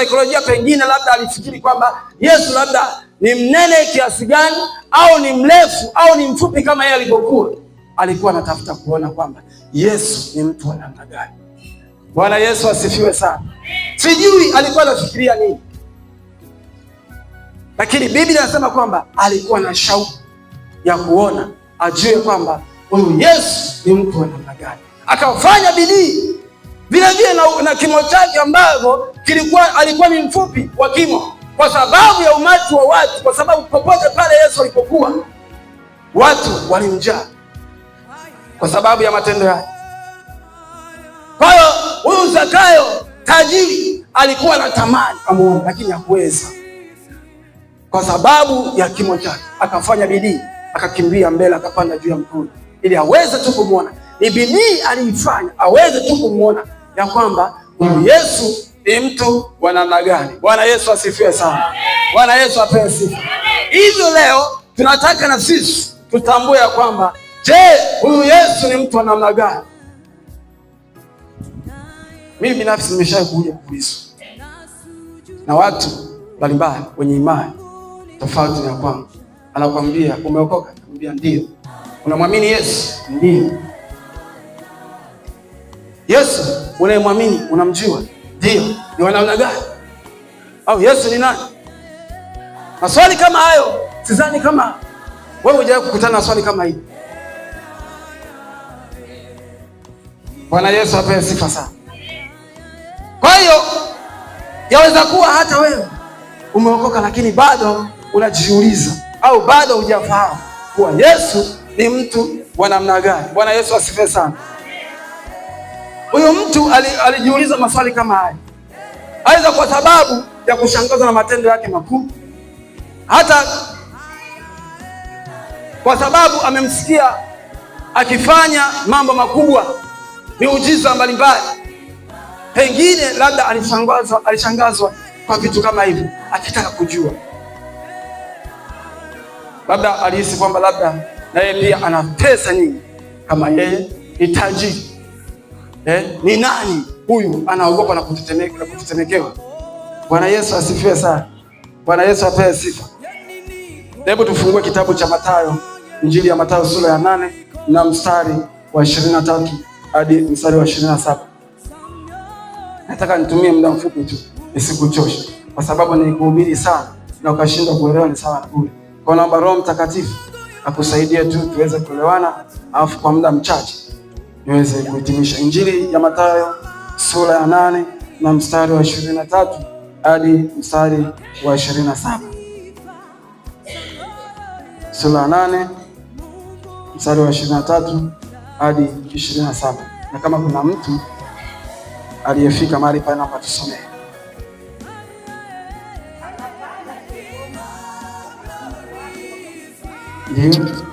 saikolojia, pengine labda alifikiri kwamba Yesu labda ni mnene kiasi gani au ni mrefu au ni mfupi kama yeye alivyokuwa. Alikuwa anatafuta kuona kwamba Yesu ni mtu wa namna gani. Bwana Yesu asifiwe sana. Sijui alikuwa anafikiria nini, lakini Biblia inasema kwamba alikuwa na shauku ya kuona, ajue kwamba huyu Yesu ni mtu wa namna gani, akafanya bidii vilevile na, na kimo chake ambavyo kilikuwa alikuwa ni mfupi wa kimo kwa sababu ya umati wa watu, kwa sababu popote pale Yesu alipokuwa watu walimjaa kwa sababu ya matendo yake. Kwa hiyo huyu Zakayo tajiri alikuwa na tamani amuone, lakini hakuweza kwa sababu ya kimo chake. Akafanya bidii, akakimbia mbele, akapanda juu ya mkuyu ili aweze tu kumwona. Ni bidii aliifanya aweze tu kumwona ya kwamba huyu Yesu ni mtu wa namna gani? Bwana Yesu asifiwe sana. Bwana Yesu apewe sifa. Hivyo leo tunataka na sisi tutambue ya kwamba, je, huyu Yesu ni mtu wa namna gani? Mimi binafsi nimesha kuja kuulizwa na watu mbalimbali wenye imani tofauti na kwangu, anakwambia umeokoka, nakwambia ndio. Unamwamini Yesu? Ndio. Yesu unayemwamini unamjua? Ndio, ni wanamna gani? Au Yesu ni nani? Maswali kama hayo, sidhani kama wewe hujawahi kukutana na swali kama hili. Bwana Yesu apewe sifa sana. Kwa hiyo yaweza kuwa hata wewe umeokoka, lakini bado unajiuliza au bado hujafahamu kuwa Yesu ni mtu wa namna gani. Bwana Yesu asifiwe sana. Huyu mtu alijiuliza maswali kama haya, aidha kwa sababu ya kushangazwa na matendo yake makuu, hata kwa sababu amemsikia akifanya mambo makubwa, miujiza mbalimbali. Pengine labda alishangazwa, alishangazwa kwa vitu kama hivyo, akitaka kujua, labda alihisi kwamba labda na pia ana pesa nyingi kama yeye, ni tajiri Eh, ni nani huyu anaogopa na kutetemekewa? Bwana Yesu asifiwe sana. Bwana Yesu apewe sifa. Hebu tufungue kitabu cha Mathayo, Injili ya Mathayo sura ya nane na mstari wa 23 hadi mstari wa 27. Nataka nitumie muda mfupi tu nisikuchoshe, kwa sababu nikuhubiri sana na ukashindwa kuelewa, ni sawa kule. Kwa naomba Roho Mtakatifu akusaidie tu tuweze kuelewana, alafu kwa muda mchache niweze kuhitimisha Injili ya Mathayo sura ya nane na mstari wa ishirini na tatu hadi mstari wa ishirini na saba sura ya nane mstari wa ishirini na tatu hadi ishirini na saba na kama kuna mtu aliyefika mahali pale naomba tusomee. Ndio.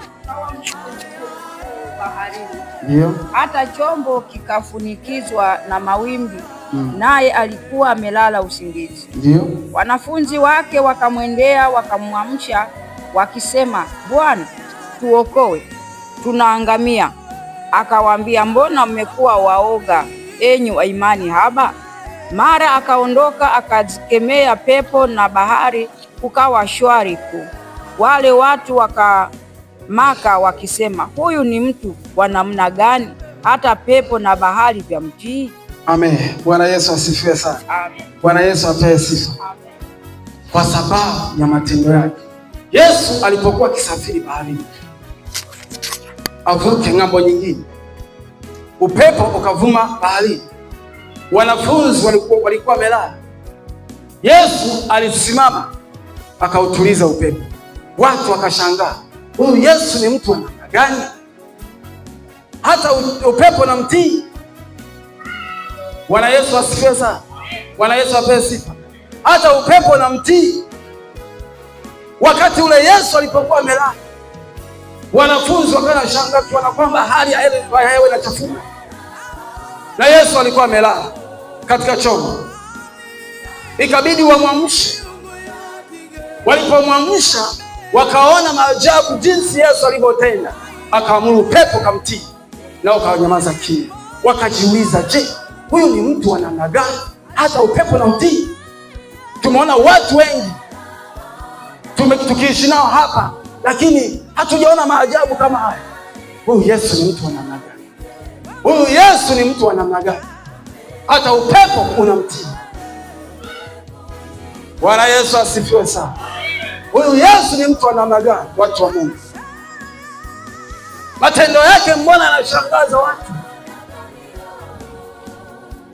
Ndio. Hata chombo kikafunikizwa na mawimbi mm. naye alikuwa amelala usingizi. Ndio. Wanafunzi wake wakamwendea wakamwamsha wakisema, Bwana, tuokoe, tunaangamia. Akawaambia, mbona mmekuwa waoga enyi wa imani haba? Mara akaondoka akazikemea pepo na bahari, kukawa shwari kuu. Wale watu waka Maka wakisema huyu ni mtu wa namna gani, hata pepo na bahari vya mtii? Amen. Bwana Yesu asifiwe sana. Amen. Bwana Yesu apewe sifa kwa sababu ya matendo yake. Yesu alipokuwa akisafiri baharini avuke ng'ambo nyingine, upepo ukavuma baharini, wanafunzi walikuwa walikuwa melala. Yesu alisimama akautuliza upepo, watu wakashangaa huyu Yesu ni mtu wa namna gani? Hata upepo na mtii. Bwana Yesu asifiwe sana. Bwana Yesu apewe sifa. Hata upepo na mtii. Wakati ule Yesu alipokuwa amelala, wanafunzi wakawa wanashangaa kuona kwamba hali ya hewa inachafuka, na Yesu alikuwa amelala katika chombo, ikabidi wamwamshe. Walipomwamsha wakaona maajabu jinsi Yesu alivyotenda, akaamuru upepo kamtii, na kawanyamaza kimya. Wakajiuliza, je, huyu ni mtu wa namna gani hata upepo na mtii Tumeona watu wengi tukiishi nao hapa, lakini hatujaona maajabu kama haya. Huyu Yesu ni mtu wa namna gani? Huyu Yesu ni mtu wa namna gani? Hata upepo unamtii. Bwana Yesu asifiwe sana. Huyu Yesu ni mtu wa namna gani? Watu wa Mungu, matendo yake mbona anashangaza watu?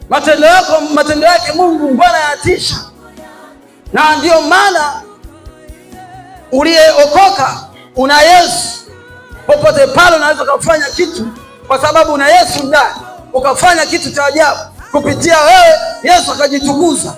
Matendo yako, matendo yake Mungu mbona yatisha? Na ndiyo maana uliyeokoka una Yesu, popote pale unaweza ukafanya kitu kwa sababu una Yesu ndani, ukafanya kitu cha ajabu kupitia wewe, Yesu akajitukuza.